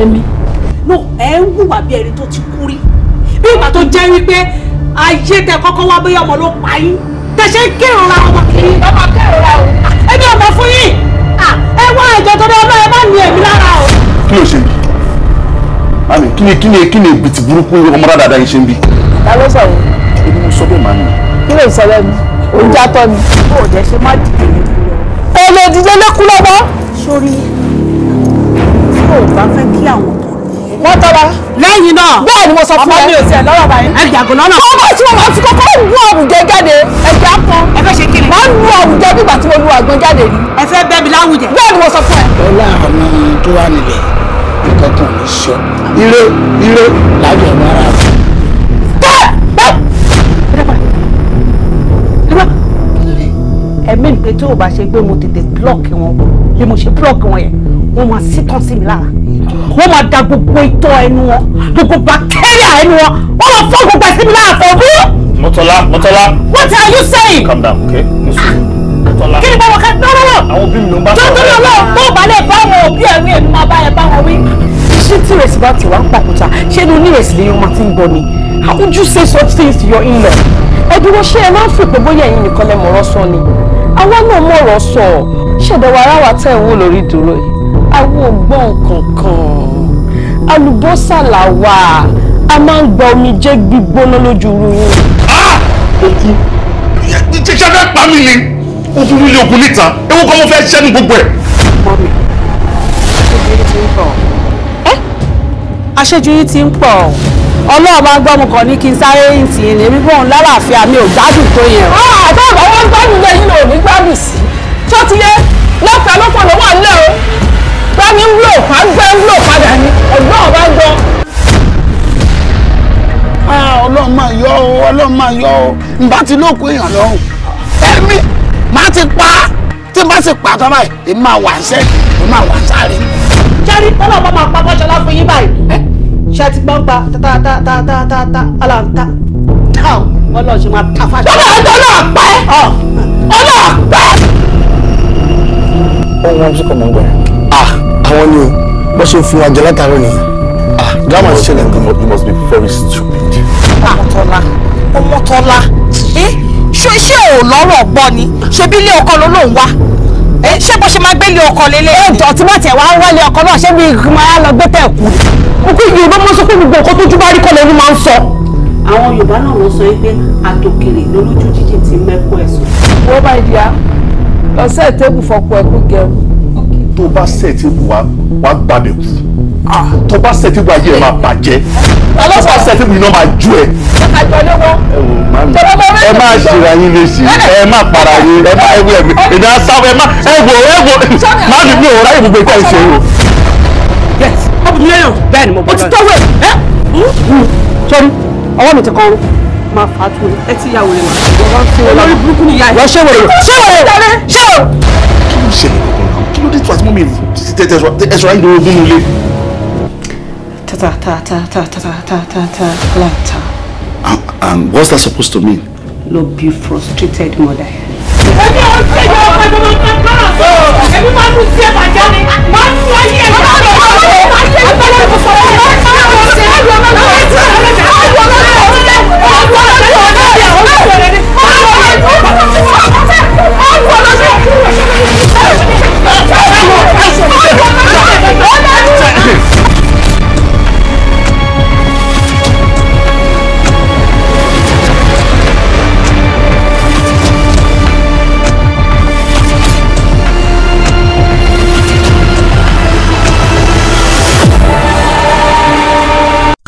èmi. no ẹ ń hùwà bí ẹni tó ti kú rí bí ìgbà tó jẹ́ wípé ayé tẹ kọ́kọ́ wá bóyá ọmọ ló pa yín tẹ ṣe ń kérora ọmọ kiri ọmọ kérora o ẹbí ọmọ fún yín ẹ wá ẹjọ́ tó dé ọmọ ẹ má ní èmi lára o. kí ló ṣe yìí mami kí ni kí ni kí ni bìtì burúkú ọmọ dáadáa yìí ṣe ń bí. ta sọ̀rọ̀. èmi mo sọ bẹ́ẹ̀ màmí. kí ló ń sọ lẹ́nu oúnjẹ atọ́ ni. ó ò ṣe má dìde. ẹ tó o bá fẹ́ kí àwọn tó wọ́n tọ́ra. lẹ́yìn náà bẹ́ẹ̀ ni mo sọ fún ẹ ọmọ mi ò tiẹ̀ lọ́rọ̀ báyìí. ẹ jàgò lọ́nà. ọmọ tí mo máa ti kọ́kọ́ lu àwùjẹ jáde ẹ̀jẹ̀ á pọn. ẹ fẹ́ ṣe kí ni. máa lu àwùjẹ nígbà tí mo lu àgbọn jáde yìí. ẹ fẹ́ bẹ́ẹ̀ mi láwùjẹ. bẹ́ẹ̀ ni mo sọ fún ẹ. lọ́la àwọn tó wà nílẹ̀ nǹkan kan sọ ire ire lájọ ọmọ ara rẹ. ẹ̀mí tí ò bá ṣe gbé mo tètè blọ́ọ̀kì wọn bí mo ṣe blọ́ọ̀kì wọn yẹn wọ́n máa sí tán sí mi lára wọ́n máa da gbogbo itọ́ ẹnu wọn gbogbo bacteria ẹnu wọn wọ́n máa fọ́ gbogbo ẹ̀sìn mi lára fọ́bú. mọ́tọ́lá mọ́tọ́lá. what are you saying. calm down okay mọ́tọ́lá. kí ni bàbá ká lọ́wọ́. àwọn òbí mi ló ń bá sọ̀rọ̀. tó tó lọ́wọ́ tó balẹ̀ bá wọn òbí ẹ̀rí ẹ̀mí máa bá ẹ bá wọn wí. ṣé tí rẹ̀ bá ti wá ń pàkúta ṣé inú nírèsì lè yan tí ń gbọ́ ni how would you say such things to your in-law? ẹ dúró ṣé ẹ máa ń fò pé bóyá ẹ̀yin nìkan lẹ sọ ni àwa náà mọ̀ọ́rọ̀ sọ ṣẹ̀dẹ̀ wàrà wa tẹ̀ ń wò lórí ìdúró yìí àwọn ògbọ́n kankan àlùbọ́sà là wà a máa ń gba omijé gbígbóná lójú ruru. Ah! òkú ṣíṣe fẹ́ pa mí ni òkú nílé òkú níta ewu kan mo fẹ́ ṣẹ́ ní gbogbo ẹ̀. aṣẹ́jú yìí ti ń pọ̀ ẹ́ aṣẹ́jú yìí ti ní kí n sáré ìtì ìlérí bóun lálàáfíà mi ò gbádùn tó yẹn. Ah, àbá àwọn ọlọ́run máa yọ ọ n bá ti lóòkù èèyàn lọ́rùn èmi máa ti pa á tí n bá ti pa tán báyìí èmi máa wà ń sẹ́ èmi máa wà ń sáré. jẹ́rí tọ́lọ̀ bá máa pa bọ́ṣọlá fún yín báyìí ṣe ti gbọ́n pa ta ta ta ta ta ta ọlọ́ ta ta ọ ọlọ́ ṣe máa ta fáṣọ. ọlọ́ ọlọ́ pẹ́ ọlọ́ pẹ́. ohun wọn ti kọ mọ gbẹ. ah àwọn ni o bó ṣe fún wa jẹ látàrí nìyẹn. ah drama ti ṣẹlẹ̀ nǹkan. you must be very stupid. ah Kọ́lá ṣé ṣé ò lọ́rọ̀ gbọ́ ni ṣebí ilé ọkọ ló lòún wá ṣé bó ṣe máa gbé ilé ọkọ lélẹ̀. ẹ jọ tí bá wá ń wá ọkọ náà ṣé bí máa lọ gbé tẹ̀ kú. òkú Yorùbá máa sọ pé gbogbo nǹkan tójú bá kọ́ lẹ́nu máa ń sọ. àwọn Yorùbá náà ló sọ pé àtòkèrè lójú jíjìn ti mẹ́kọ́ ẹ̀sùn. wọ́n bá ìdí lọ sẹ́ẹ̀ tébù fọpọ̀ ẹ̀kú gẹ̀ẹ́rù. tó bá sẹ́ẹ̀ wá gbàbẹ̀kù ah, tó bá sẹ́ẹ̀ ayé ẹ̀ máa bàjẹ́ aláṣà ṣẹ̀tì mi náà máa ju ẹ̀. ẹ má ṣèrè ayín léṣe ẹ má para yín ẹ má ẹwé ẹ̀mí èdè asáwọ̀ ẹ má ẹ̀wò ẹ̀wò má fi bí òwúrọ̀ ìbùgbé kọ́ ìṣe o. bẹ́ẹ̀ ni mo bọ́ ọwọ́ mi ti kọ́ máa fà á tu ẹ ti yàwó rẹ̀ mà olórí burúkú ni ìyá ẹ̀. wọ́n ṣé wèrè ṣé wèrè ṣé wèrè. kí ló ṣẹlẹ̀ kí ló dé tó àti mú mi tẹ̀tẹ̀ ẹ̀ṣọ́ ayélujára ogún nílé. ta ta ta ta ta ta ta ta ta ta láta. And what's that supposed to mean? Lọ be frustrated mother.